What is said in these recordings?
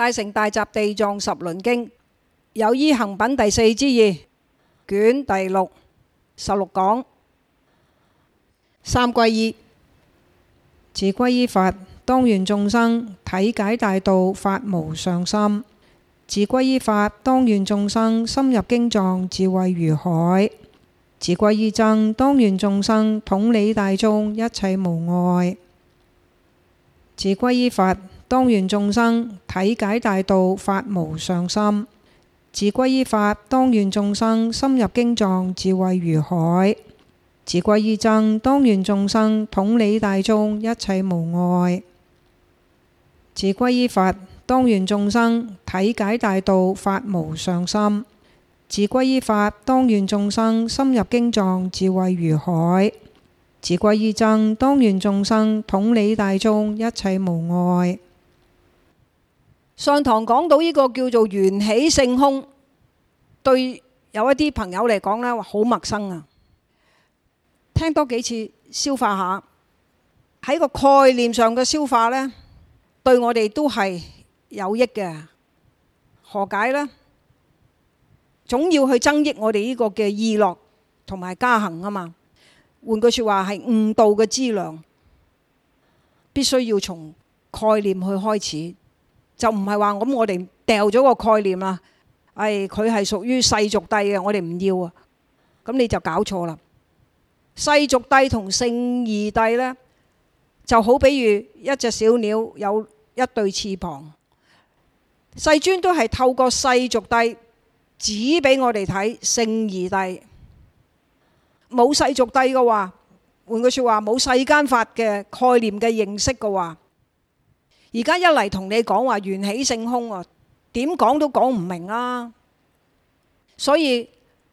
大乘大集地藏十輪經有依行品第四之二卷第六，十六講三歸依。自歸依佛，當願眾生體解大道，發無上心；自歸依法，當願眾生深入經藏，智慧如海；自歸依僧，當願眾生統理大眾，一切無礙。自歸依佛。當願眾生體解大道，發無上心，自歸依法；當願眾生深入經藏，智慧如海；自歸依僧；當願眾生統理大眾，一切無礙；自歸依法，當願眾生體解大道，發無上心，自歸依法；當願眾生深入經藏，智慧如海；自歸依僧；當願眾生統理大眾，一切無礙。上堂講到呢個叫做緣起性空，對有一啲朋友嚟講呢，好陌生啊！聽多幾次消化下，喺個概念上嘅消化呢，對我哋都係有益嘅。何解呢？總要去增益我哋呢個嘅意樂同埋家行啊嘛！換句説話係悟道嘅資糧，必須要從概念去開始。就唔係話咁，我哋掉咗個概念啦。哎，佢係屬於世俗諦嘅，我哋唔要啊。咁你就搞錯啦。世俗諦同聖義諦呢，就好比如一隻小鳥有一對翅膀。世尊都係透過世俗諦指俾我哋睇聖義諦，冇世俗諦嘅話，換句説話，冇世間法嘅概念嘅認識嘅話。而家一嚟同你講話緣起性空說說啊，點講都講唔明啦。所以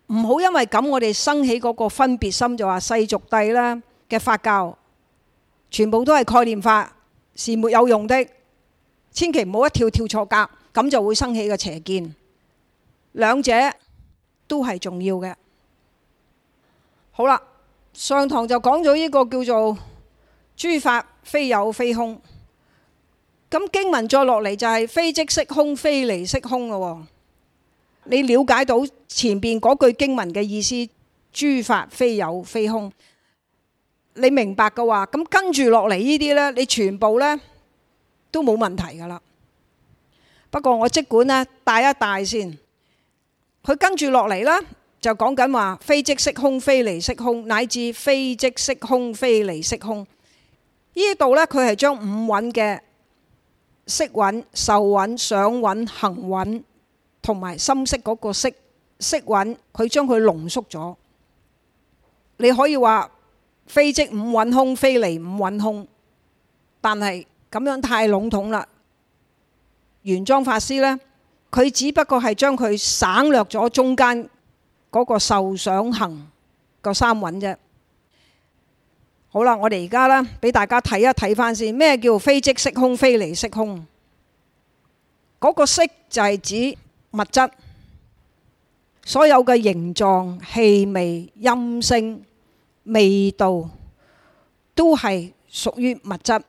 唔好因為咁，我哋生起嗰個分別心，就話、是、世俗諦呢嘅法教，全部都係概念法，是沒有用的。千祈唔好一跳跳錯格，咁就會生起個邪見。兩者都係重要嘅。好啦，上堂就講咗呢個叫做諸法非有非空。咁經文再落嚟就係非即色空非離色空咯。哦，你了解到前邊嗰句經文嘅意思，諸法非有非空，你明白嘅話，咁跟住落嚟呢啲呢，你全部呢都冇問題噶啦。不過我即管咧帶一帶先，佢跟住落嚟呢，就講緊話非即色空非離色空乃至非即色空非離色空，呢度呢，佢係將五蘊嘅。色蘊、受蘊、想蘊、行蘊，同埋深色嗰個色色蘊，佢將佢濃縮咗。你可以話非即五蘊空，非離五蘊空，但係咁樣太籠統啦。玄奘法師呢，佢只不過係將佢省略咗中間嗰個受想行個三蘊啫。好啦，我哋而家咧俾大家睇一睇返先，咩叫非即色空，非離色空？嗰個色就係指物質，所有嘅形狀、氣味、音聲、味道都係屬於物質。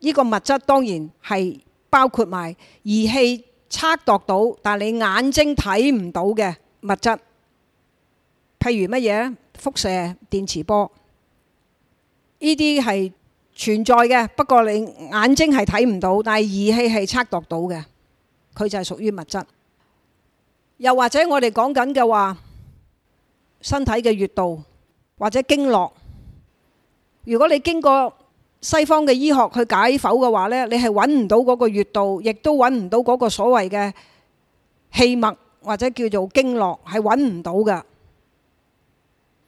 呢個物質當然係包括埋儀器測度到，但係你眼睛睇唔到嘅物質，譬如乜嘢咧？輻射、電磁波。呢啲係存在嘅，不過你眼睛係睇唔到，但係儀器係測度到嘅，佢就係屬於物質。又或者我哋講緊嘅話，身體嘅穴道或者經絡，如果你經過西方嘅醫學去解剖嘅話呢，你係揾唔到嗰個穴道，亦都揾唔到嗰個所謂嘅氣脈或者叫做經絡，係揾唔到嘅。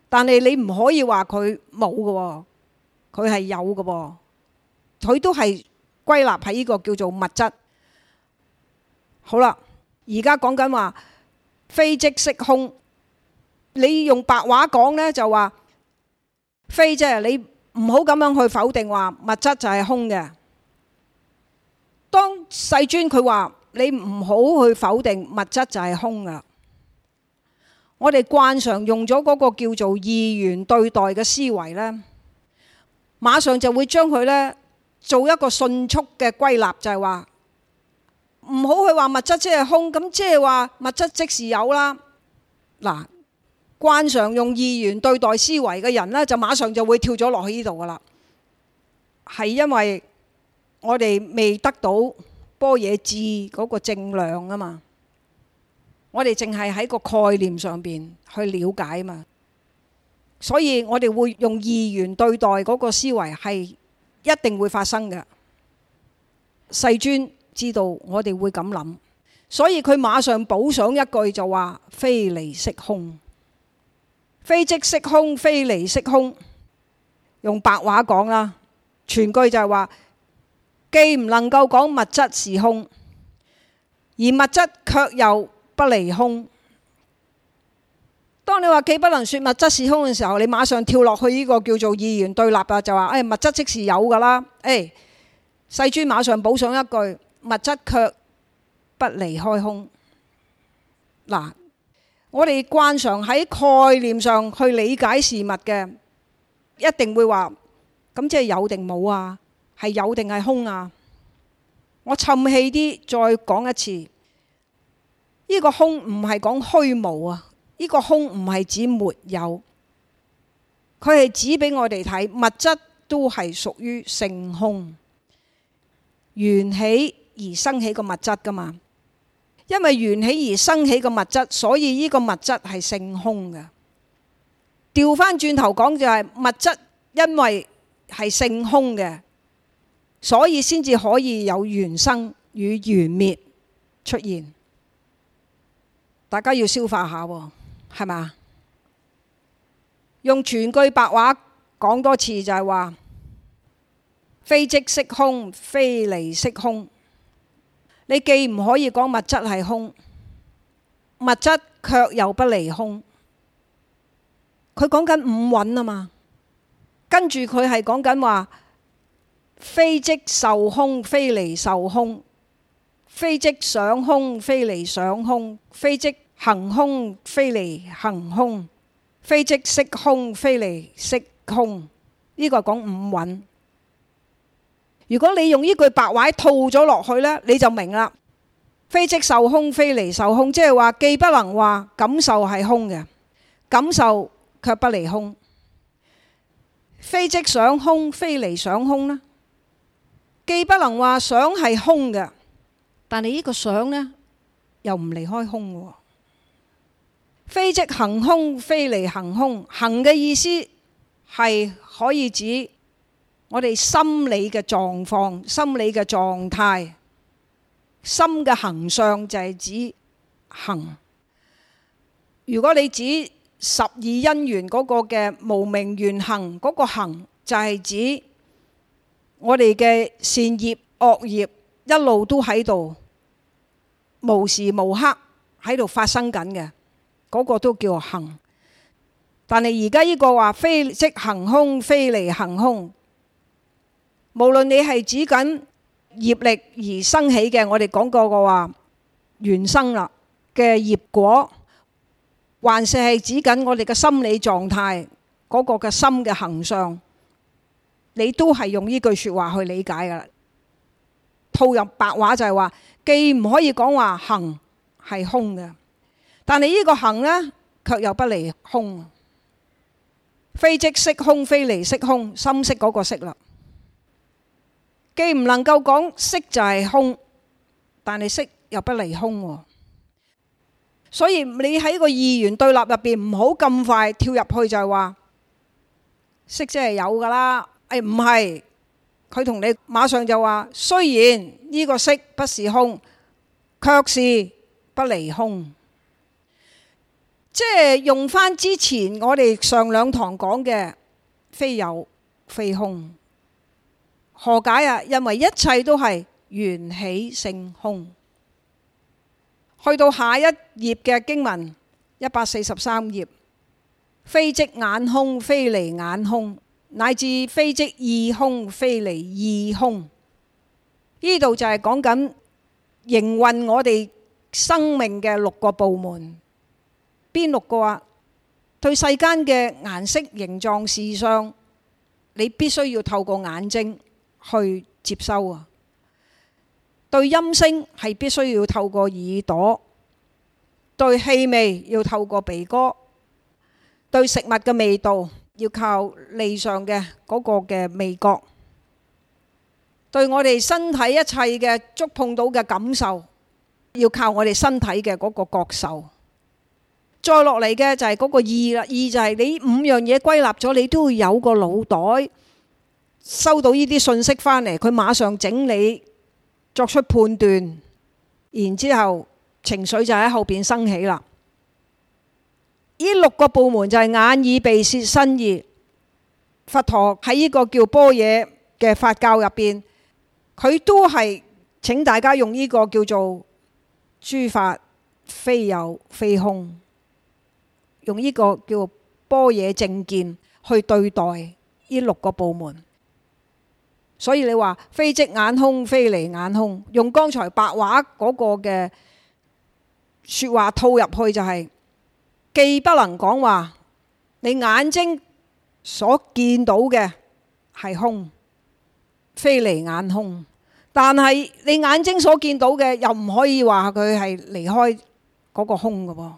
但係你唔可以話佢冇嘅。佢係有嘅噃，佢都係歸納喺呢個叫做物質。好啦，而家講緊話非即色空，你用白話講呢，就話非即你唔好咁樣去否定話物質就係空嘅。當世尊佢話你唔好去否定物質就係空嘅。我哋慣常用咗嗰個叫做二元對待嘅思維呢。馬上就會將佢呢做一個迅速嘅歸納，就係話唔好去話物質即係空，咁即係話物質即是有啦。嗱，慣常用意願對待思維嘅人呢，就馬上就會跳咗落去呢度㗎喇，係因為我哋未得到般若智嗰個正量啊嘛，我哋淨係喺個概念上邊去了解嘛。所以我哋會用二元對待嗰個思維係一定會發生嘅。世尊知道我哋會咁諗，所以佢馬上補上一句就話：非離色空，非即色空，非離色空。用白話講啦，全句就係話：既唔能夠講物質是空，而物質卻又不離空。當你話既不能説物質是空嘅時候，你馬上跳落去呢個叫做二元對立啊，就話：誒、哎、物質即是有噶啦。誒，世尊馬上補上一句：物質卻不離開空。嗱，我哋慣常喺概念上去理解事物嘅，一定會話：咁即係有定冇啊？係有定係空啊？我沉氣啲，再講一次：呢、這個空唔係講虛無啊。呢個空唔係指沒有，佢係指俾我哋睇，物質都係屬於性空，緣起而生起個物質噶嘛。因為緣起而生起個物質，所以呢個物質係性空嘅。調翻轉頭講就係物質，因為係性空嘅，所以先至可以有緣生與緣滅出現。大家要消化下喎。係嘛？用全句白話講多次就係話：非即色空，非離色空。你既唔可以講物質係空，物質卻又不離空。佢講緊五蘊啊嘛，跟住佢係講緊話：非即受空，非離受空；非即想空，非離想空；非即行空非離行空，非即識空，非離識空，呢、呢個講五蘊。如果你用呢句白話套咗落去呢，你就明啦。非即受空，非離受空，即係話既不能話感受係空嘅，感受卻不離空。非即想空，非離想空咧，既不能話想係空嘅，空空但係呢個想呢，又唔離開空喎。非即行空，非離行空。行嘅意思係可以指我哋心理嘅狀況、心理嘅狀態。心嘅行相就係指行。如果你指十二因緣嗰個嘅無明緣行，嗰、那個行就係指我哋嘅善業、惡業一，一路都喺度無時無刻喺度發生緊嘅。嗰個都叫行，但係而家呢個話非即行空，非離行空。無論你係指緊業力而生起嘅，我哋講過嘅話，緣生啦嘅業果，還是係指緊我哋嘅心理狀態嗰個嘅心嘅行相，你都係用呢句説話去理解噶啦。套入白話就係話，既唔可以講話行係空嘅。但你呢個行呢，卻又不離空，非即識空，非離識空，心識嗰個識啦。既唔能夠講識就係空，但係識又不離空。所以你喺個二元對立入邊，唔好咁快跳入去就係話識即係有㗎啦。誒，唔係，佢同你馬上就話，雖然呢個識不是空，卻是不離空。即係用翻之前我哋上兩堂講嘅非有非空，何解啊？因為一切都係緣起性空。去到下一頁嘅經文一百四十三頁，非即眼空，非離眼空，乃至非即意空，非離意空。呢度就係講緊營運我哋生命嘅六個部門。邊六個啊？對世間嘅顏色、形狀、視像，你必須要透過眼睛去接收啊。對音聲係必須要透過耳朵，對氣味要透過鼻哥，對食物嘅味道要靠脷上嘅嗰個嘅味覺，對我哋身體一切嘅觸碰到嘅感受，要靠我哋身體嘅嗰個覺受。再落嚟嘅就係嗰個二啦，二就係你五樣嘢，歸納咗，你都會有個腦袋收到呢啲信息返嚟，佢馬上整理作出判斷，然之後情緒就喺後邊升起啦。呢六個部門就係眼、耳、鼻、舌、身、意。佛陀喺呢個叫般若嘅法教入邊，佢都係請大家用呢個叫做諸法非有非空。用呢個叫波野政見去對待呢六個部門，所以你話非即眼空，非離眼空。用剛才白話嗰個嘅説話套入去，就係既不能講話你眼睛所見到嘅係空，非離眼空，但係你眼睛所見到嘅又唔可以話佢係離開嗰個空嘅喎。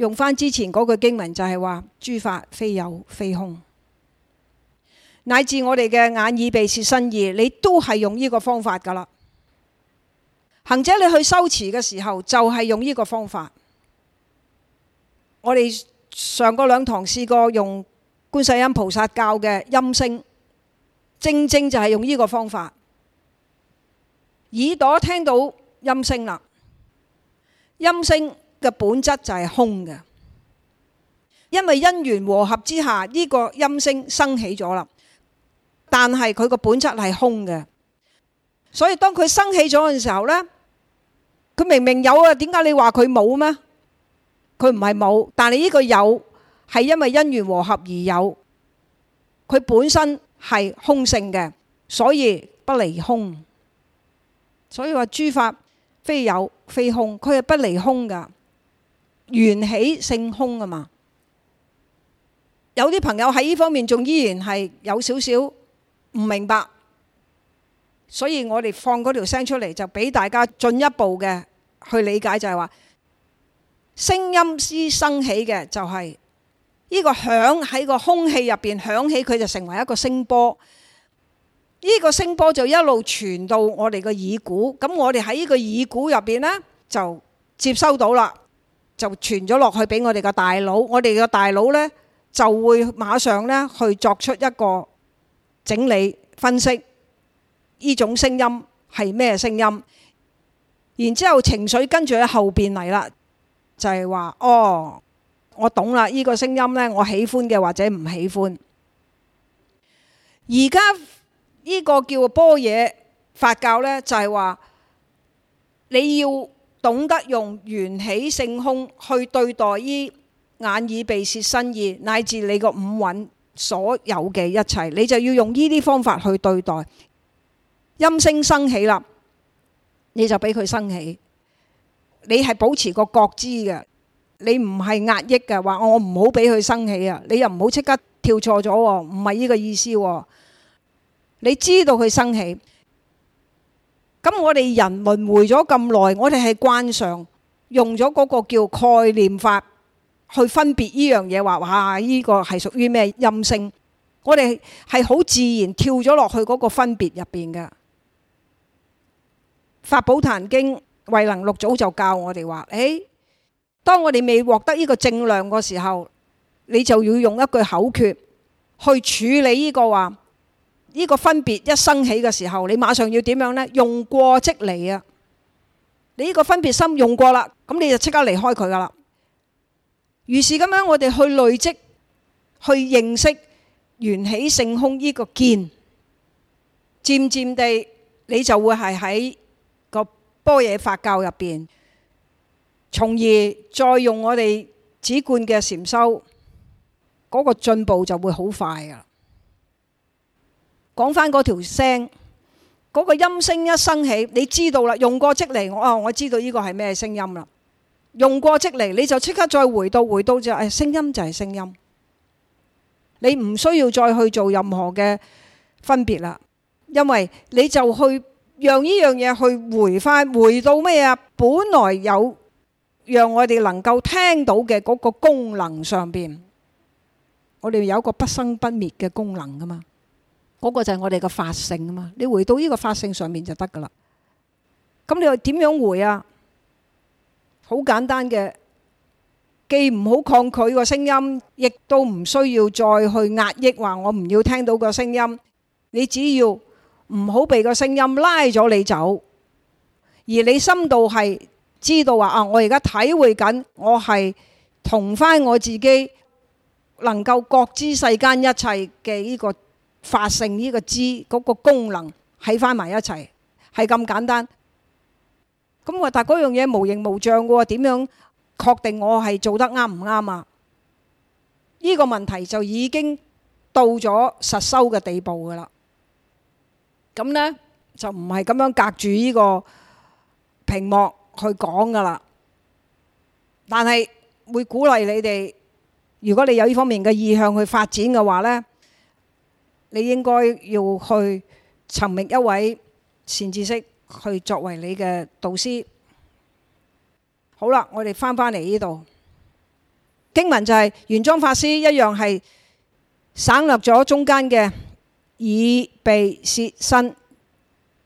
用翻之前嗰句經文就係話諸法非有非空，乃至我哋嘅眼耳鼻舌身意，你都係用呢個方法噶啦。行者你去修持嘅時候就係用呢個方法。我哋上個兩堂試過用觀世音菩薩教嘅音聲，正正就係用呢個方法。耳朵聽到音聲啦，音聲。嘅本質就係空嘅，因為因緣和合之下，呢個音聲生起咗啦。但係佢個本質係空嘅，所以當佢生起咗嘅時候呢，佢明明有啊，點解你話佢冇咩？佢唔係冇，但係呢個有係因為因緣和合而有，佢本身係空性嘅，所以不離空。所以話諸法非有非空，佢係不離空噶。緣起性空啊嘛，有啲朋友喺呢方面仲依然係有少少唔明白，所以我哋放嗰條聲出嚟，就俾大家進一步嘅去理解，就係話聲音係生起嘅、就係，就係呢個響喺個空氣入邊響起，佢就成為一個聲波。呢、呢個聲波就一路傳到我哋個耳鼓，咁我哋喺呢個耳鼓入邊呢，就接收到啦。就傳咗落去俾我哋個大腦。我哋個大腦呢，就會馬上呢去作出一個整理分析，呢種聲音係咩聲音？然之後情緒跟住喺後邊嚟啦，就係、是、話哦，我懂啦，呢、這個聲音呢，我喜歡嘅或者唔喜歡。而家呢個叫波嘢發酵呢，就係、是、話你要。懂得用緣起性空去對待呢眼耳鼻舌身意，乃至你個五蘊所有嘅一切，你就要用呢啲方法去對待。音聲生起啦，你就俾佢生起。你係保持個覺知嘅，你唔係壓抑嘅話，我唔好俾佢生起啊！你又唔好即刻跳錯咗，唔係呢個意思。你知道佢生起。咁我哋人輪迴咗咁耐，我哋係慣常用咗嗰個叫概念法去分別呢樣嘢，話哇呢個係屬於咩陰性？我哋係好自然跳咗落去嗰個分別入邊嘅。《法寶壇經》慧能六祖就教我哋話：誒，當我哋未獲得呢個正量嗰時候，你就要用一句口訣去處理呢個話。呢個分別一生起嘅時候，你馬上要點樣呢？用過即離啊！你呢個分別心用過啦，咁你就即刻離開佢噶啦。於是咁樣，我哋去累積，去認識緣起性空呢個見，漸漸地你就會係喺個般若法教入邊，從而再用我哋止觀嘅禪修，嗰個進步就會好快啊！講翻嗰條聲，嗰個音聲一生起，你知道啦。用過即離，我啊，我知道呢個係咩聲音啦。用過即離，你就即刻再回到，回到就誒，聲音就係聲音。你唔需要再去做任何嘅分別啦，因為你就去讓呢樣嘢去回翻，回到咩啊？本來有讓我哋能夠聽到嘅嗰個功能上面，我哋有個不生不滅嘅功能噶嘛。嗰個就係我哋個法性啊嘛！你回到呢個法性上面就得㗎喇。咁你又點樣回啊？好簡單嘅，既唔好抗拒個聲音，亦都唔需要再去壓抑話我唔要聽到個聲音。你只要唔好被個聲音拉咗你走，而你心度係知道話啊，我而家體會緊，我係同返我自己能夠覺知世間一切嘅呢個法性呢個知嗰個功能喺翻埋一齊，係咁簡單。咁話但嗰樣嘢，無形無象嘅喎，點樣確定我係做得啱唔啱啊？呢個問題就已經到咗實修嘅地步噶啦。咁呢就唔係咁樣隔住呢個屏幕去講噶啦。但係會鼓勵你哋，如果你有呢方面嘅意向去發展嘅話呢。你應該要去尋覓一位善知識去作為你嘅導師。好啦，我哋翻返嚟呢度經文就係、是、玄奘法師一樣係省略咗中間嘅耳鼻舌身，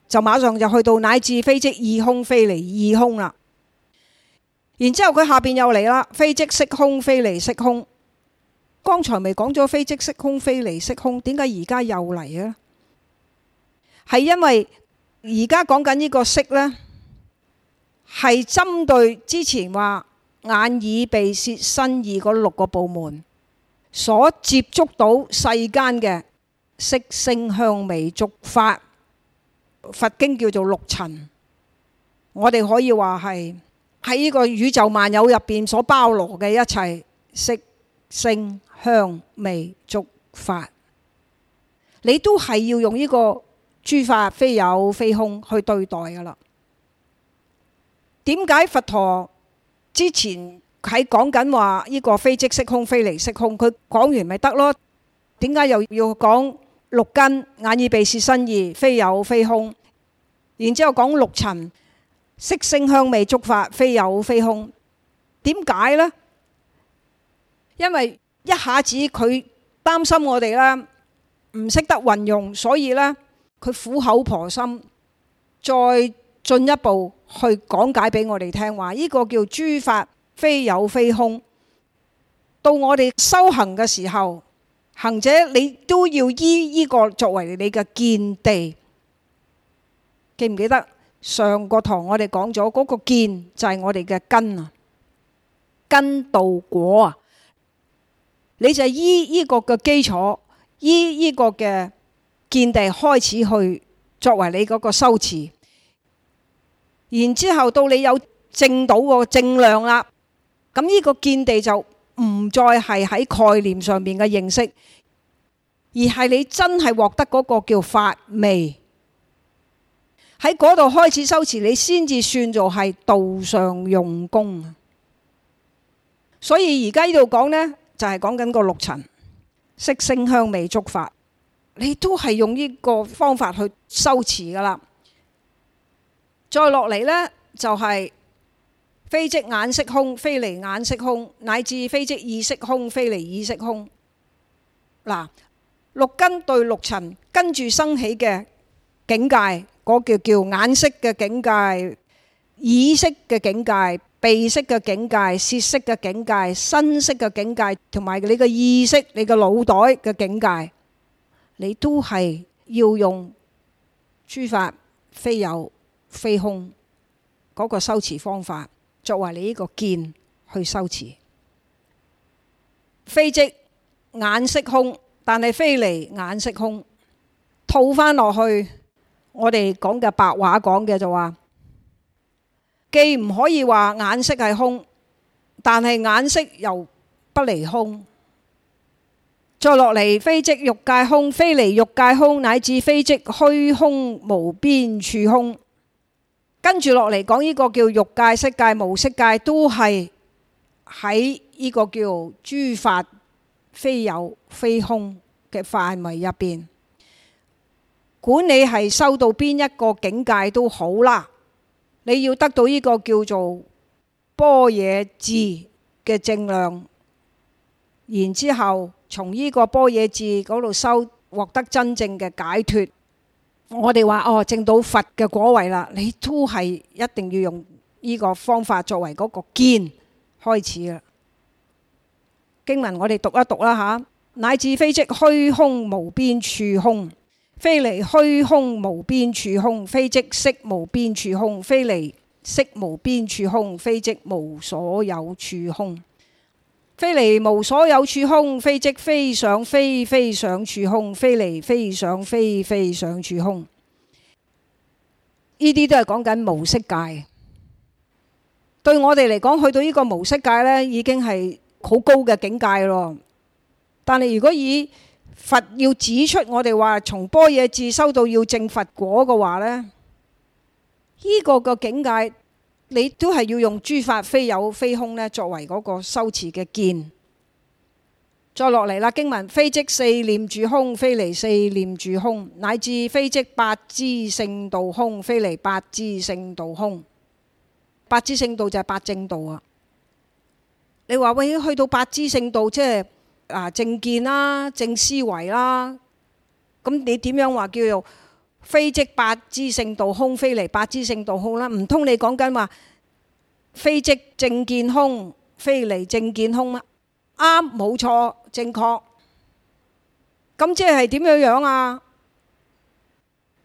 就馬上就去到乃至非即意空，非離意空啦。然之後佢下邊又嚟啦，非即色空，非離色空。剛才未講咗非即色空，非離色空，點解而家又嚟啊？係因為而家講緊呢個色呢係針對之前話眼耳鼻舌身意嗰六個部門所接觸到世間嘅色聲香味觸法，佛經叫做六塵。我哋可以話係喺呢個宇宙萬有入邊所包羅嘅一切色。聲香味觸法，你都係要用呢個諸法非有非空去對待噶啦。點解佛陀之前喺講緊話呢個非即色空，非離色空，佢講完咪得咯？點解又要講六根眼耳鼻舌身意非有非空？然之後講六塵色聲香味觸法非有非空？點解呢？因為一下子佢擔心我哋呢唔識得運用，所以呢佢苦口婆心再進一步去講解俾我哋聽話。呢個叫諸法非有非空。到我哋修行嘅時候，行者你都要依呢個作為你嘅見地，記唔記得上個堂我哋講咗嗰個見就係我哋嘅根啊，根道果啊。你就依依個嘅基礎，依依個嘅見地開始去作為你嗰個修持，然之後到你有證到個證量啦，咁呢個見地就唔再係喺概念上面嘅認識，而係你真係獲得嗰個叫法味，喺嗰度開始修持，你先至算做係道上用功。所以而家呢度講呢。就係講緊個六塵色聲香味觸法，你都係用呢個方法去修持噶啦。再落嚟呢，就係非即眼識空，非離眼識空，乃至非即意識空，非離意識空。嗱，六根對六塵跟住生起嘅境界，嗰個叫叫眼識嘅境界，意識嘅境界。鼻識嘅境界、舌識嘅境界、身識嘅境界，同埋你嘅意識、你嘅腦袋嘅境界，你都係要用諸法非有非空嗰個修持方法，作為你呢個見去修持。非即眼識空，但係非離眼識空，套翻落去我哋講嘅白話講嘅就話、是。既唔可以話眼色係空，但係眼色又不離空。再落嚟，非即欲界空，非離欲界空，乃至非即虛空無邊處空。跟住落嚟講呢個叫欲界、色界、無色界，都係喺呢個叫諸法非有非空嘅範圍入邊。管你係修到邊一個境界都好啦。你要得到呢個叫做般若智嘅正量，然之後從呢個般若智嗰度收獲得真正嘅解脫。我哋話哦，證到佛嘅果位啦，你都係一定要用呢個方法作為嗰個見開始啦。經文我哋讀一讀啦吓，乃至非即虛空無邊處空。非離虛空無邊處空，非即識無邊處空，非離識無邊處空，非即無所有處空，非離無所有處空，非即非想非非想處空，非離非想非非想處空。呢啲都係講緊無色界。對我哋嚟講，去到呢個無色界呢，已經係好高嘅境界咯。但係如果以佛要指出我哋話從般若智修到要證佛果嘅話呢呢、呢個個境界你都係要用諸法非有非空咧，作為嗰個修持嘅見。再落嚟啦，經文非即四念住空，非離四念住空，乃至非即八支聖道空，非離八支聖道空。八支聖道就係八正道啊。你話喂，去到八支聖道即係？啊，正見啦、啊，正思維啦、啊，咁你點樣話叫做非即八支聖道空，非離八支聖道空啦？唔通你講緊話非即正見空，非離正見空咩？啱、啊，冇錯，正確。咁即係點樣樣啊？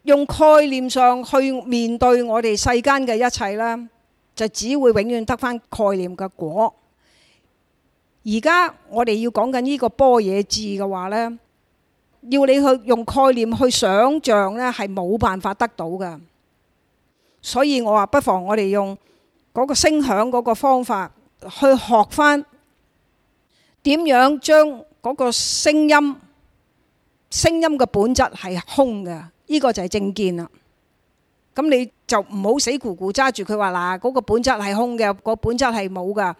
用概念上去面對我哋世間嘅一切咧，就只會永遠得返概念嘅果。而家我哋要講緊呢個般若智嘅話呢，要你去用概念去想像呢，係冇辦法得到嘅。所以我話不妨我哋用嗰個聲響嗰個方法去學翻點樣將嗰個聲音、聲音嘅本質係空嘅，呢、呢個就係正見啦。咁你就唔好死咕咕揸住佢話嗱，嗰、嗰個本質係空嘅，嗰個本質係冇噶。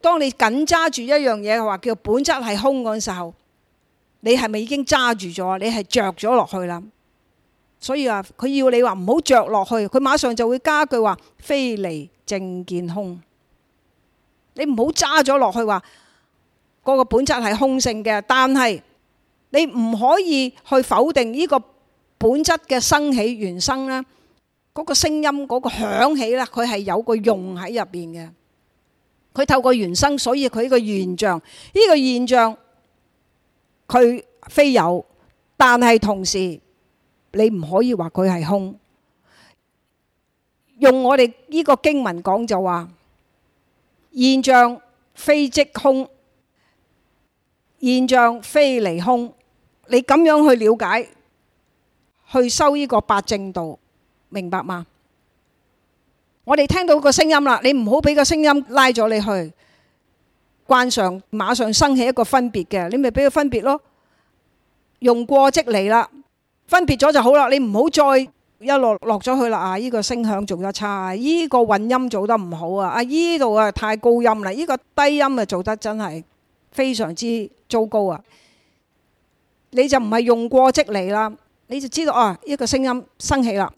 當你緊揸住一樣嘢嘅話，叫本質係空嗰陣時候，你係咪已經揸住咗？你係著咗落去啦。所以啊，佢要你話唔好著落去，佢馬上就會加一句話：非離正見空。你唔好揸咗落去，話嗰個本質係空性嘅，但係你唔可以去否定呢個本質嘅生起、緣生啦，嗰個聲音、嗰個響起啦，佢係有個用喺入邊嘅。佢透過原生，所以佢呢、這個現象，呢個現象佢非有，但係同時你唔可以話佢係空。用我哋呢個經文講就話現象非即空，現象非離空。你咁樣去了解，去修呢個八正道，明白嗎？我哋聽到個聲音啦，你唔好俾個聲音拉咗你去，慣常，馬上生起一個分別嘅，你咪俾佢分別咯。用過即離啦，分別咗就好啦。你唔好再一落落咗去啦啊！依個聲響做得差，依個混音做得唔好啊！啊依度啊太高音啦，依個低音啊做得真係非常之糟糕啊！你就唔係用過即離啦，你就知道啊一個聲音生起啦。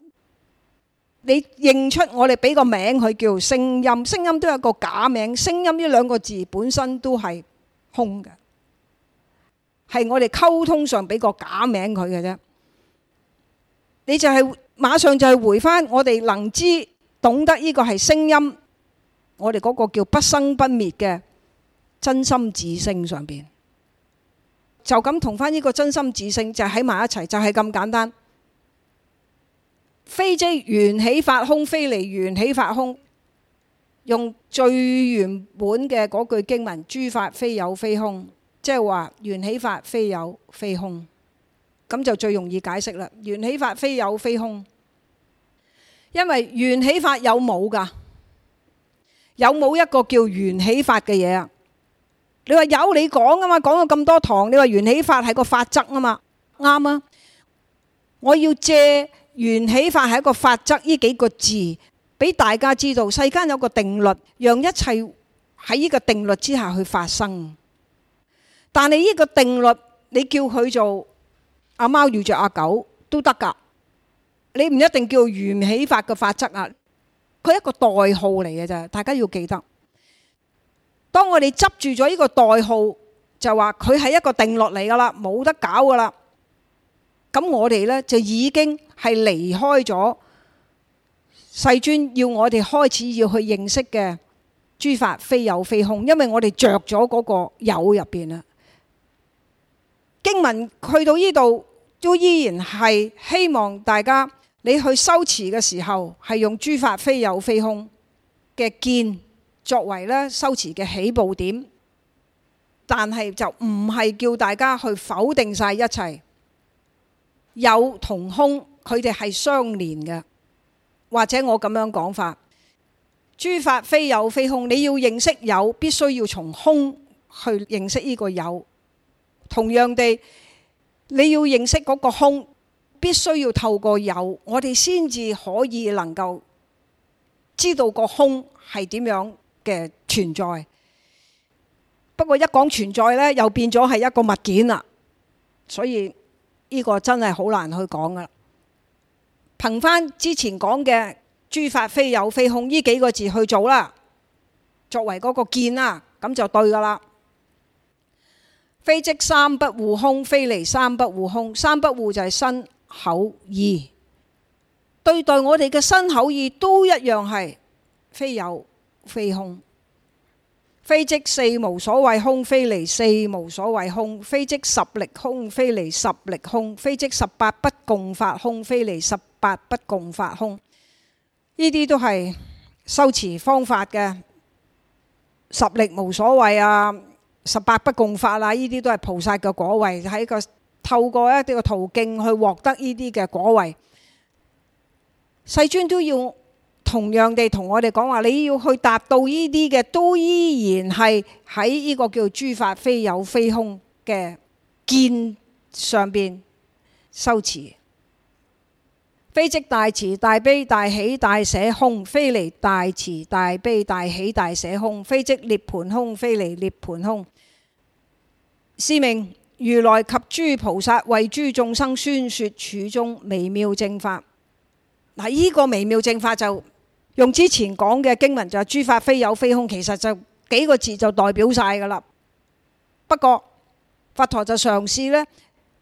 你認出我哋俾個名佢叫聲音，聲音都有個假名，聲音呢兩個字本身都係空嘅，係我哋溝通上俾個假名佢嘅啫。你就係馬上就係回翻我哋能知懂得呢個係聲音，我哋嗰個叫不生不滅嘅真心自性上邊，就咁同翻呢個真心自性就喺埋一齊，就係咁簡單。非即緣起法空，非離緣起法空。用最原本嘅嗰句經文：諸法非有非空，即係話緣起法非有非空。咁就最容易解釋啦。緣起法非有非空，因為緣起法有冇噶？有冇一個叫緣起法嘅嘢啊？你話有你講啊嘛，講咗咁多堂，你話緣起法係個法則啊嘛，啱啊！我要借。緣起法係一個法則，呢幾個字俾大家知道，世間有個定律，讓一切喺呢個定律之下去發生。但係呢個定律，你叫佢做阿、啊、貓遇着阿、啊、狗都得噶，你唔一定叫緣起法嘅法則啊。佢係一個代號嚟嘅咋，大家要記得。當我哋執住咗呢個代號，就話佢係一個定律嚟噶啦，冇得搞噶啦。咁我哋呢就已經係離開咗世尊，要我哋開始要去認識嘅諸法非有非空，因為我哋著咗嗰個有入邊啦。經文去到呢度都依然係希望大家你去修持嘅時候，係用諸法非有非空嘅見作為呢修持嘅起步點，但係就唔係叫大家去否定曬一切。有同空，佢哋係相連嘅。或者我咁樣講法：諸法非有非空。你要認識有，必須要從空去認識呢個有。同樣地，你要認識嗰個空，必須要透過有。我哋先至可以能夠知道個空係點樣嘅存在。不過一講存在呢，又變咗係一個物件啦。所以呢個真係好難去講噶，憑翻之前講嘅「諸法非有非空」呢幾個字去做啦。作為嗰個見啦，咁就對噶啦。非即三不護空，非離三不護空，三不護就係身口意。對待我哋嘅身口意都一樣係非有非空。非即四無所畏空，非離四無所畏空；非即十力空，非離十力空；非即十八不共法空，非離十八不共法空。呢啲都係修持方法嘅十力無所畏啊，十八不共法啊，呢啲都係菩薩嘅果位，喺個透過一個嘅途徑去獲得呢啲嘅果位。世尊都要。同樣地同我哋講話，你要去達到呢啲嘅，都依然係喺呢個叫諸法非有非空嘅見上邊修持。非即大慈大悲大喜大捨空，非離大慈大悲大喜大捨空，非即涅槃空，非離涅槃空。是名如來及諸菩薩為諸眾生宣說處中微妙正法。嗱，呢個微妙正法就。用之前講嘅經文就係諸法非有非空，其實就幾個字就代表晒㗎喇。不過佛陀就嘗試呢，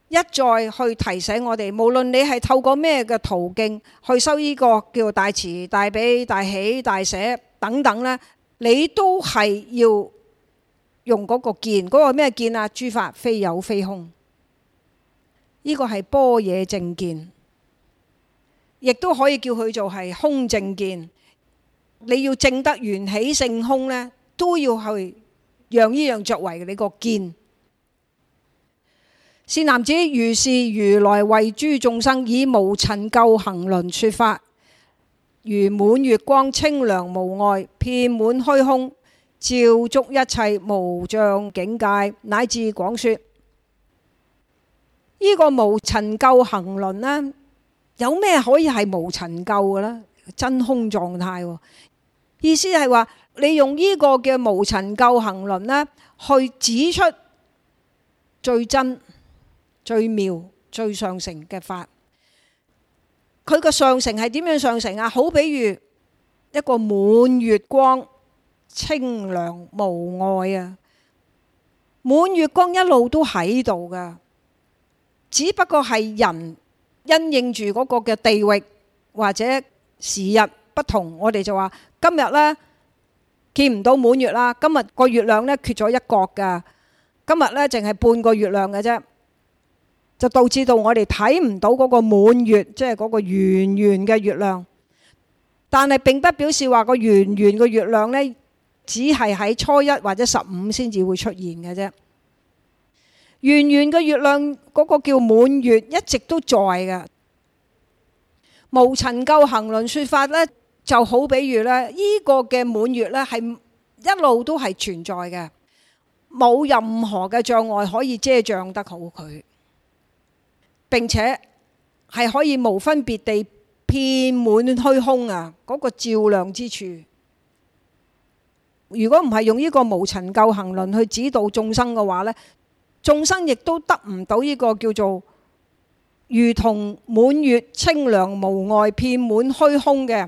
一再去提醒我哋，無論你係透過咩嘅途徑去修呢個叫大慈大悲大喜大捨等等呢，你都係要用嗰個見，嗰個咩見啊？諸法非有非空，呢個係般若正見，亦都可以叫佢做係空正見。你要正得緣起性空呢，都要去讓呢樣作為你個見。善男子，如是如來為諸眾生以無塵垢行輪說法，如滿月光清涼無礙，遍滿虛空，照觸一切無障境界，乃至廣說。呢個無塵垢行輪呢，有咩可以係無塵垢嘅呢？真空狀態。意思係話，你用呢個嘅無塵垢行輪呢，去指出最真、最妙、最上乘嘅法。佢個上乘係點樣上乘啊？好比如一個滿月光，清涼無礙啊！滿月光一路都喺度噶，只不過係人因應住嗰個嘅地域或者時日。不同，我哋就話今日呢見唔到滿月啦。今日個月亮呢，缺咗一角噶今日呢淨係半個月亮嘅啫，就導致到我哋睇唔到嗰個滿月，即係嗰個圓圓嘅月亮。但係並不表示話個圓圓嘅月亮呢，只係喺初一或者十五先至會出現嘅啫。圓圓嘅月亮嗰個叫滿月，一直都在噶無塵垢行輪說法呢。就好比，比如呢，呢個嘅滿月呢，係一路都係存在嘅，冇任何嘅障礙可以遮障得好佢。並且係可以無分別地遍滿虛空啊！嗰個照亮之處，如果唔係用呢個無塵垢行輪去指導眾生嘅話呢，眾生亦都得唔到呢個叫做如同滿月清涼無礙遍滿虛空嘅。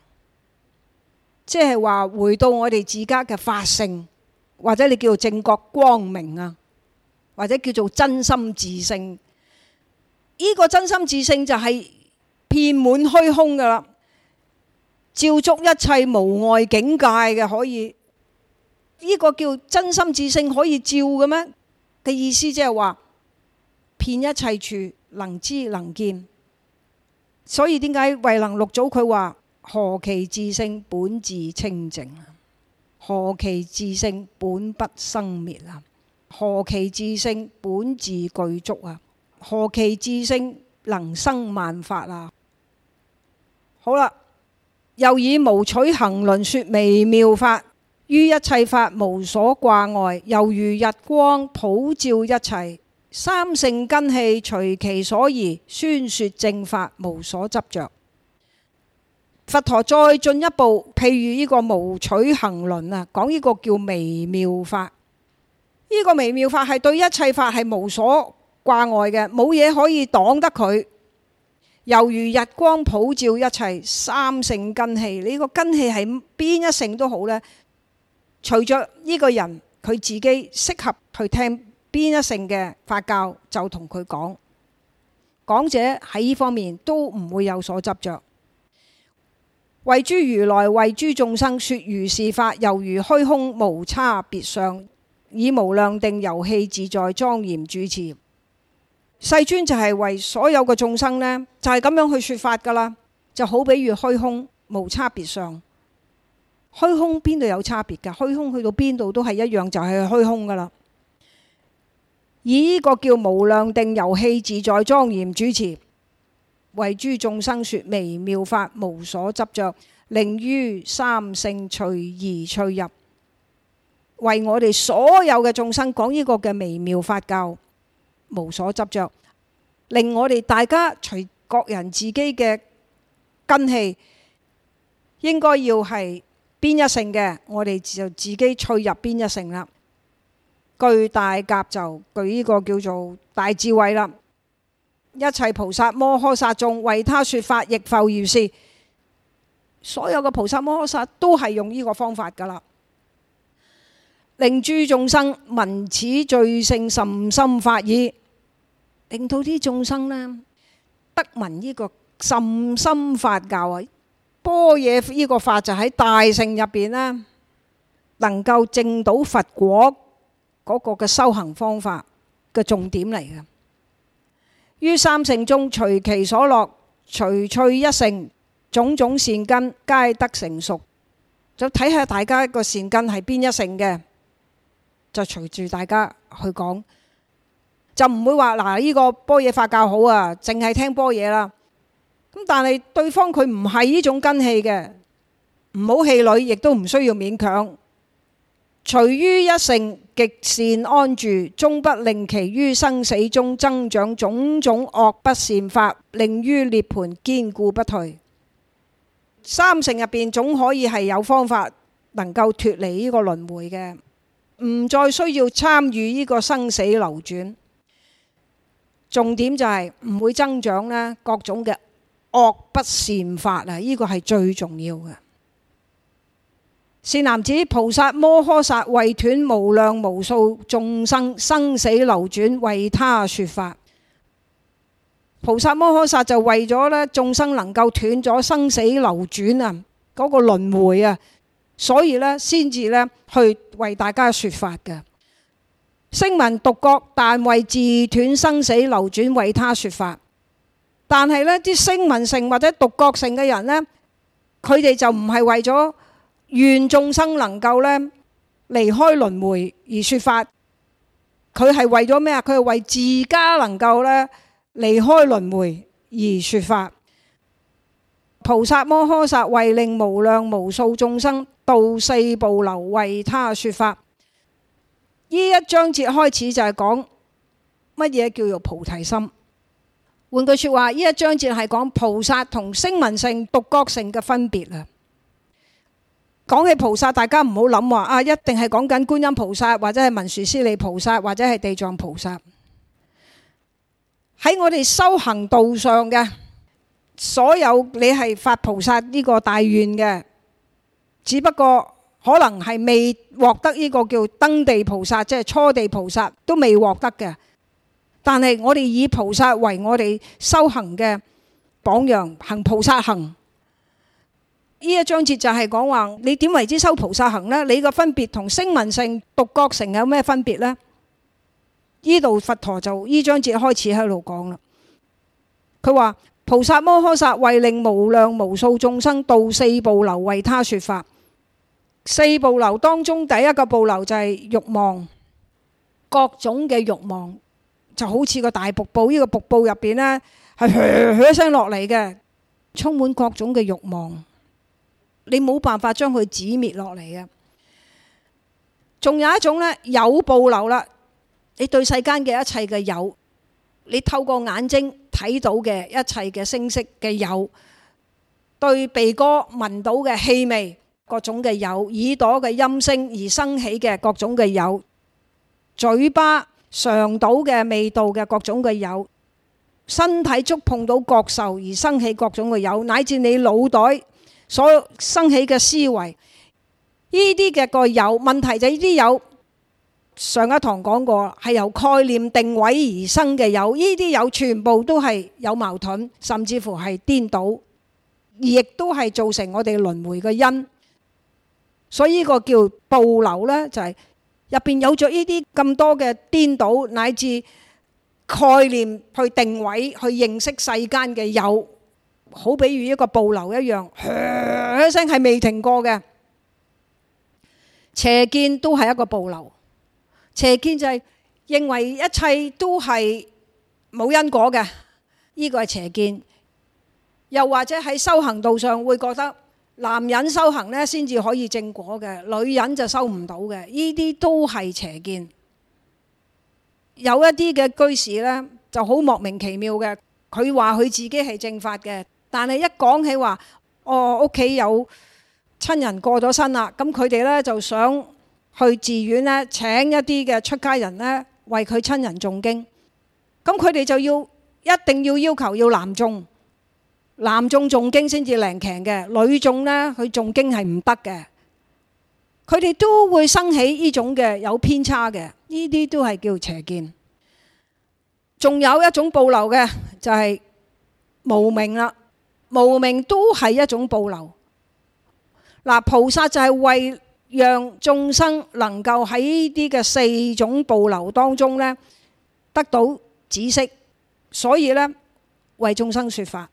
即係話，回到我哋自家嘅法性，或者你叫做正覺光明啊，或者叫做真心自性。呢個真心自性就係遍滿虛空噶啦，照足一切無礙境界嘅，可以。呢個叫真心自性可以照嘅咩嘅意思？即係話遍一切處能知能見。所以點解慧能六祖佢話？何其自性本自清淨啊！何其自性本不生滅啊！何其自性本自具足啊！何其自性能生萬法啊！好啦，又以無取行輪說微妙法，於一切法無所掛礙，猶如日光普照一切，三乘根器，隨其所宜，宣說正法，無所執着。佛陀再進一步，譬如呢個無取行輪啊，講呢個叫微妙法。呢、呢個微妙法係對一切法係無所掛礙嘅，冇嘢可以擋得佢。猶如日光普照一切三乘根器，你、呢個根器係邊一乘都好呢，隨着呢個人佢自己適合去聽邊一乘嘅法教，就同佢講。講者喺呢方面都唔會有所執着。為諸如來，為諸眾生說如是法，猶如虛空，無差別相，以無量定遊戲自在莊嚴住持。世尊就係為所有嘅眾生呢，就係咁樣去說法噶啦，就好比如虛空，無差別相。虛空邊度有差別噶？虛空去到邊度都係一樣，就係虛空噶啦。以呢個叫無量定遊戲自在莊嚴住持。為諸眾生說微妙法，無所執着，令於三乘隨宜趣入。為我哋所有嘅眾生講呢個嘅微妙法教，無所執着，令我哋大家隨各人自己嘅根器，應該要係邊一乘嘅，我哋就自己趣入邊一乘啦。具大甲冑就具呢個叫做大智慧啦。一切菩薩摩訶薩眾，為他說法亦復如是，所有嘅菩薩摩訶薩都係用呢個方法噶啦，令諸眾生聞此最勝甚深法已，令到啲眾生呢得聞呢個甚深法教啊，般若呢個法就喺大乘入邊呢，能夠證到佛果嗰個嘅修行方法嘅重點嚟嘅。於三乘中，隨其所樂，隨趣一乘，種種善根皆得成熟。就睇下大家個善根係邊一乘嘅，就隨住大家去講，就唔會話嗱呢個般若法教好啊，淨係聽般若啦。咁但係對方佢唔係呢種根器嘅，唔好氣餒，亦都唔需要勉強。隨於一乘極善安住，終不令其於生死中增長種種惡不善法，令於涅槃堅固不退。三乘入面總可以係有方法能夠脫離呢個輪迴嘅，唔再需要參與呢個生死流轉。重點就係唔會增長咧各種嘅惡不善法啊！呢、這個係最重要嘅。是男子，菩薩摩訶薩為斷無量無數眾生生死流轉，為他說法。菩薩摩訶薩就為咗呢眾生能夠斷咗生死流轉啊，嗰、那個輪迴啊，所以呢先至呢去為大家說法嘅。聲聞獨覺但為自斷生死流轉，為他說法，但係呢啲聲聞成或者獨覺成嘅人呢，佢哋就唔係為咗。願眾生能夠咧離開輪迴而說法，佢係為咗咩啊？佢係為自家能夠咧離開輪迴而說法。菩薩摩訶薩為令無量無數眾生渡四瀑流為他說法。呢一章節開始就係講乜嘢叫做菩提心。換句說話，呢一章節係講菩薩同聲聞性、獨覺性嘅分別啦。講起菩薩，大家唔好諗話啊，一定係講緊觀音菩薩，或者係文殊師利菩薩，或者係地藏菩薩。喺我哋修行道上嘅所有，你係發菩薩呢個大願嘅，只不過可能係未獲得呢個叫登地菩薩，即係初地菩薩都未獲得嘅。但係我哋以菩薩為我哋修行嘅榜樣，行菩薩行。呢一章節就係講話你點為之修菩薩行呢？你個分別同聲聞性、獨覺性有咩分別呢？呢度佛陀就呢章節開始喺度講啦。佢話菩薩摩訶薩為令無量無數眾生渡四瀑流，為他說法。四瀑流當中第一個瀑流就係慾望，各種嘅慾望就好似個大瀑布，呢、這個瀑布入邊呢，係噓一聲落嚟嘅，充滿各種嘅慾望。你冇辦法將佢止滅落嚟啊！仲有一種咧，有瀑流啦。你對世間嘅一切嘅有，你透過眼睛睇到嘅一切嘅聲色嘅有，對鼻哥聞到嘅氣味，各種嘅有，耳朵嘅音聲而生起嘅各種嘅有，嘴巴嘗到嘅味道嘅各種嘅有，身體觸碰到覺受而生起各種嘅有，乃至你腦袋。所生起嘅思維，呢啲嘅個有問題就係呢啲有，上一堂講過，係由概念定位而生嘅有，呢啲有全部都係有矛盾，甚至乎係顛倒，亦都係造成我哋輪迴嘅因。所以呢個叫瀑流呢就係入邊有着呢啲咁多嘅顛倒乃至概念去定位去認識世間嘅有。好比如一個暴流一樣，聲係未停過嘅。邪見都係一個暴流，邪見就係認為一切都係冇因果嘅。呢個係邪見，又或者喺修行道上會覺得男人修行呢先至可以正果嘅，女人就修唔到嘅。呢啲都係邪見。有一啲嘅居士呢就好莫名其妙嘅，佢話佢自己係正法嘅。但係一講起話，我屋企有親人過咗身啦，咁佢哋呢就想去寺院呢請一啲嘅出家人呢為佢親人誦經，咁佢哋就要一定要要求要男眾，男眾誦經先至靈強嘅，女眾咧佢誦經係唔得嘅，佢哋都會生起呢種嘅有偏差嘅，呢啲都係叫邪見。仲有一種瀑流嘅就係無明啦。無明都係一種瀑流，嗱，菩薩就係為讓眾生能夠喺呢啲嘅四種瀑流當中咧得到知識，所以咧為眾生說法。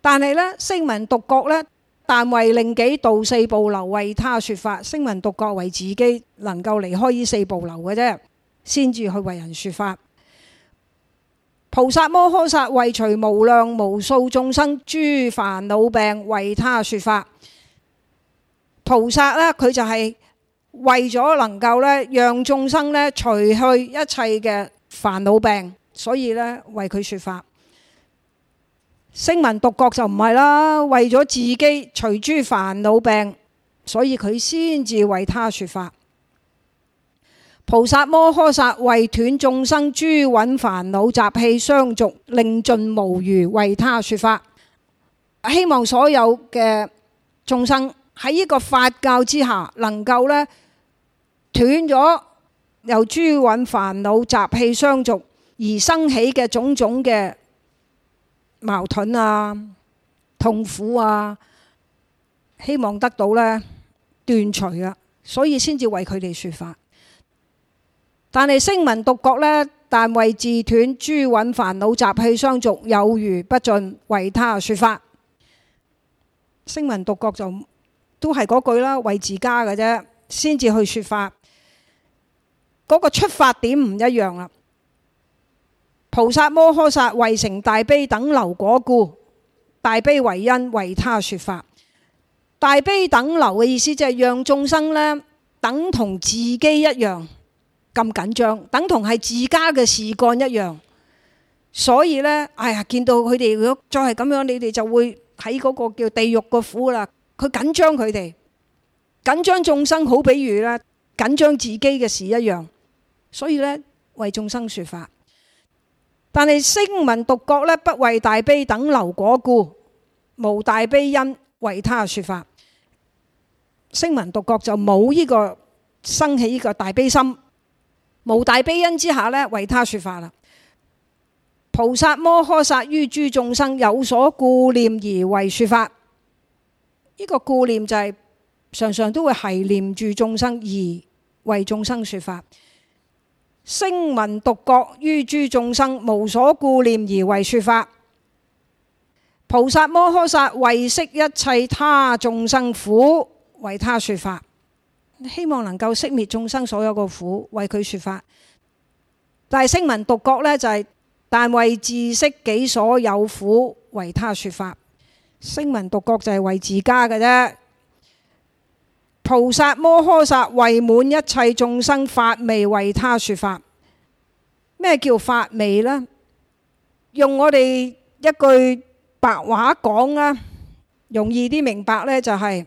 但係咧，聲聞獨覺咧，但為令己渡四瀑流，為他說法。聲聞獨覺為自己能夠離開呢四瀑流嘅啫，先至去為人說法。菩薩摩訶薩為除無量無數眾生諸煩惱病，為他說法。菩薩呢，佢就係為咗能夠咧讓眾生咧除去一切嘅煩惱病，所以呢，為佢說法。聲聞獨覺就唔係啦，為咗自己除諸煩惱病，所以佢先至為他說法。菩薩摩訶薩為斷眾生諸蘊煩惱習氣相續，令盡無餘，為他說法。希望所有嘅眾生喺呢個法教之下，能夠咧斷咗由諸蘊煩惱習氣相續而生起嘅種種嘅矛盾啊、痛苦啊，希望得到咧斷除啊，所以先至為佢哋說法。但係聲聞獨覺呢，但為自斷諸蘊煩惱習氣相續有餘不盡，為他說法。聲聞獨覺就都係嗰句啦，為自家嘅啫，先至去說法。嗰個出發點唔一樣啦。菩薩摩訶薩為成大悲等流果故，大悲為因為他說法。大悲等流嘅意思就係讓眾生呢，等同自己一樣。咁緊張，等同係自家嘅事幹一樣，所以咧，哎呀，見到佢哋如果再係咁樣，你哋就會喺嗰個叫地獄個苦啦。佢緊張，佢哋緊張眾生，好比喻咧緊張自己嘅事一樣，所以咧為眾生説法。但係聲聞獨覺咧，不為大悲等流果故，無大悲因，為他説法。聲聞獨覺就冇呢個生起呢個大悲心。無大悲因之下呢，為他說法啦。菩薩摩訶薩於諸眾生有所顧念而為說法，呢、這個顧念就係、是、常常都會係念住眾生而為眾生說法。聲聞獨覺於諸眾生無所顧念而為說法。菩薩摩訶薩為息一切他眾生苦，為他說法。希望能夠熄滅眾生所有個苦，為佢說法。但係聲聞獨覺呢，就係、是，但為自息己所有苦為他說法。聲聞獨覺就係為自家嘅啫。菩薩摩訶薩為滿一切眾生法味為他說法。咩叫法味呢？用我哋一句白話講啦，容易啲明白呢、就是，就係。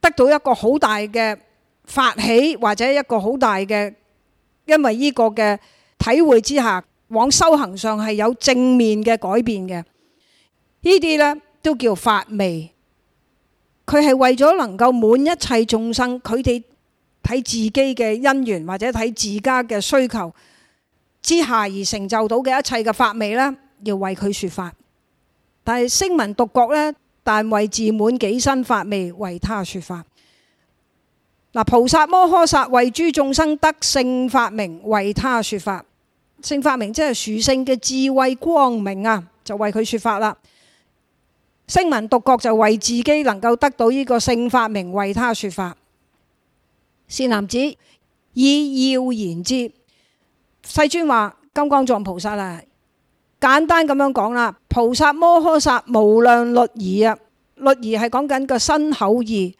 得到一個好大嘅發起，或者一個好大嘅，因為呢個嘅體會之下，往修行上係有正面嘅改變嘅。呢啲呢都叫法味，佢係為咗能夠滿一切眾生，佢哋睇自己嘅因緣或者睇自家嘅需求之下而成就到嘅一切嘅法味呢，要為佢說法。但係聲聞獨覺呢。但為自滿己身法味為他說法。嗱，菩薩摩訶薩為諸眾生得勝法明，為他說法。勝法明即係殊勝嘅智慧光明啊，就為佢說法啦。聲聞獨覺就為自己能夠得到呢個勝法明，為他說法。善男子，以要言之，世尊話金剛藏菩薩啊。簡單咁樣講啦，菩薩摩訶薩無量律儀啊，律儀係講緊個身口意，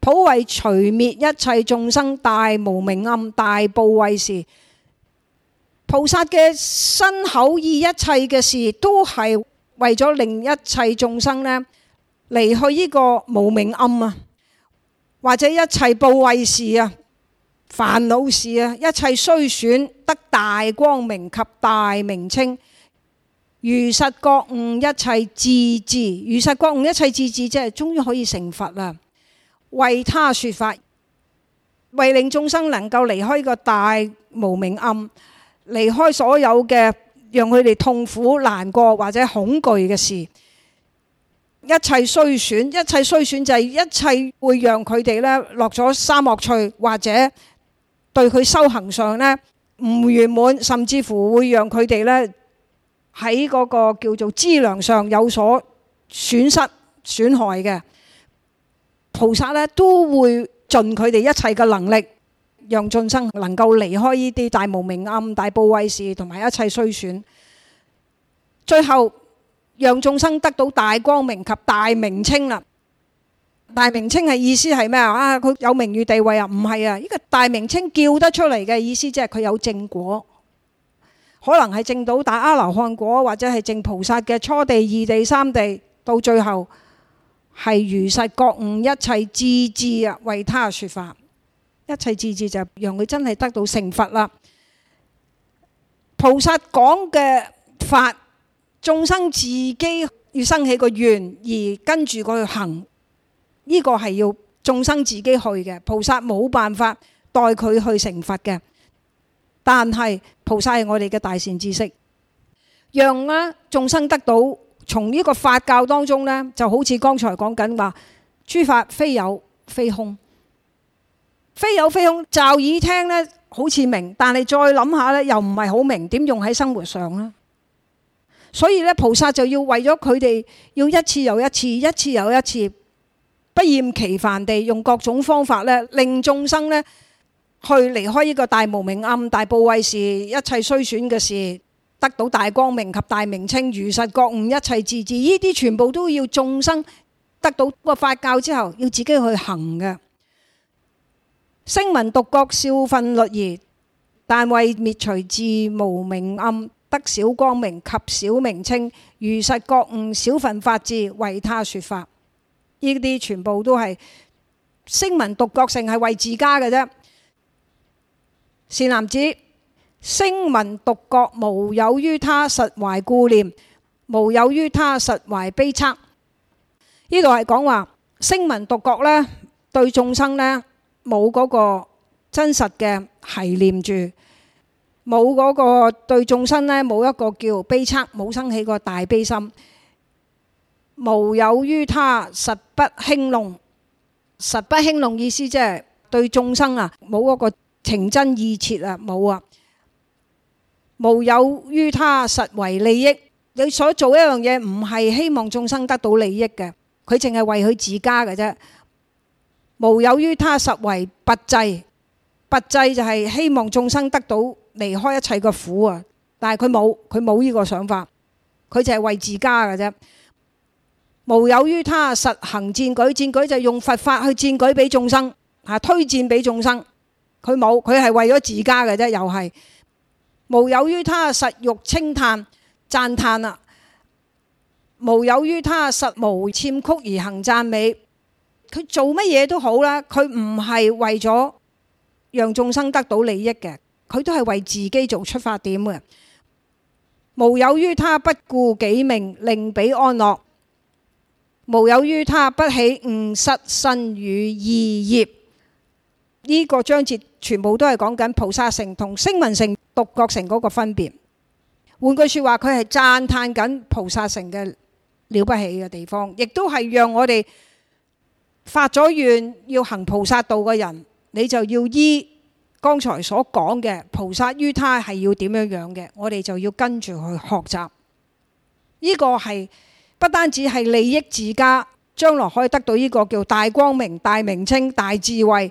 普為除滅一切眾生大無明闇、大怖畏事。菩薩嘅身口意一切嘅事都係為咗令一切眾生咧離開呢個無明闇啊，或者一切怖畏事啊、煩惱事啊、一切衰損得大光明及大名稱。如實覺悟一切智智，如實覺悟一切智智，即係終於可以成佛啦。為他說法，為令眾生能夠離開個大無明闇，離開所有嘅讓佢哋痛苦難過或者恐懼嘅事，一切衰損，一切衰損就係一切會讓佢哋咧落咗沙漠趣，或者對佢修行上咧唔圓滿，甚至乎會讓佢哋咧。喺嗰個叫做資糧上有所損失損害嘅菩薩咧，都會盡佢哋一切嘅能力，讓眾生能夠離開呢啲大無明暗、大怖畏事同埋一切衰損，最後讓眾生得到大光明及大名稱啦。大名稱係意思係咩啊？啊，佢有名譽地位啊？唔係啊，呢、這個大名稱叫得出嚟嘅意思，即係佢有正果。可能係證到大阿羅漢果，或者係證菩薩嘅初地、二地、三地，到最後係如實覺悟一切智智啊，為他説法，一切智智就係讓佢真係得到成佛啦。菩薩講嘅法，眾生自己要生起個願而跟住佢去行，呢、這個係要眾生自己去嘅，菩薩冇辦法代佢去成佛嘅，但係。菩薩係我哋嘅大善知識，讓啊眾生得到從呢個法教當中咧，就好似剛才講緊話，諸法非有非空，非有非空，驟耳聽咧好似明，但係再諗下咧又唔係好明，點用喺生活上啦？所以咧，菩薩就要為咗佢哋，要一次又一次，一次又一次，不厭其煩地用各種方法咧，令眾生咧。去離開呢個大無明闇、大怖畏事，一切衰損嘅事，得到大光明及大名稱、如實覺悟一切智智。呢啲全部都要眾生得到個法教之後，要自己去行嘅。聲聞獨覺少分律儀，但為滅除自無明闇，得小光明及小名稱、如實覺悟少分法智為他説法。呢啲全部都係聲聞獨覺性係為自家嘅啫。是男子，聲聞獨覺，無有於他實懷故念，無有於他實懷悲惻。呢度係講話，聲聞獨覺呢，對眾生呢，冇嗰個真實嘅係念住，冇嗰個對眾生呢，冇一個叫悲惻，冇生起個大悲心。無有於他實不興隆，實不興隆意思即係對眾生啊，冇嗰個。情真意切啊，冇啊，無有於他實為利益。你所做一樣嘢，唔係希望眾生得到利益嘅，佢淨係為佢自家嘅啫。無有於他實為拔濟，拔濟就係希望眾生得到離開一切個苦啊。但係佢冇，佢冇呢個想法，佢就係為自家嘅啫。無有於他實行薦舉，薦舉就用佛法去薦舉俾眾生啊，推薦俾眾生。佢冇，佢係為咗自家嘅啫，又係無有於他實欲稱嘆讚嘆啦，無有於他實，實無諂曲而行讚美。佢做乜嘢都好啦，佢唔係為咗讓眾生得到利益嘅，佢都係為自己做出發點嘅。無有於他不顧己命令彼安樂，無有於他不起誤失身語意業。呢、這個章節。全部都係講緊菩薩乘同聲聞乘、獨覺乘嗰個分別。換句說話，佢係讚嘆緊菩薩乘嘅了不起嘅地方，亦都係讓我哋發咗願要行菩薩道嘅人，你就要依剛才所講嘅菩薩於他係要點樣樣嘅，我哋就要跟住去學習。呢、這個係不單止係利益自家，將來可以得到呢個叫大光明、大名稱、大智慧。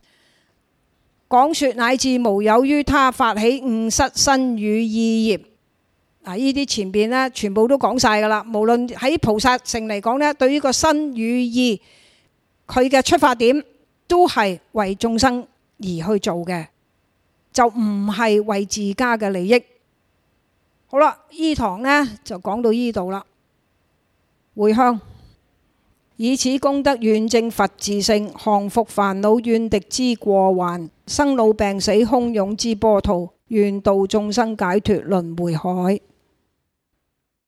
講說乃至無有於他發起誤失身語意業啊！呢啲前邊呢，全部都講晒噶啦。無論喺菩薩乘嚟講呢，對呢個身語意，佢嘅出發點都係為眾生而去做嘅，就唔係為自家嘅利益。好啦，呢堂呢就講到呢度啦，回向。以此功德願證佛智性，降服煩惱怨敵之過患，生老病死洶湧之波濤，願度眾生解脱輪回海。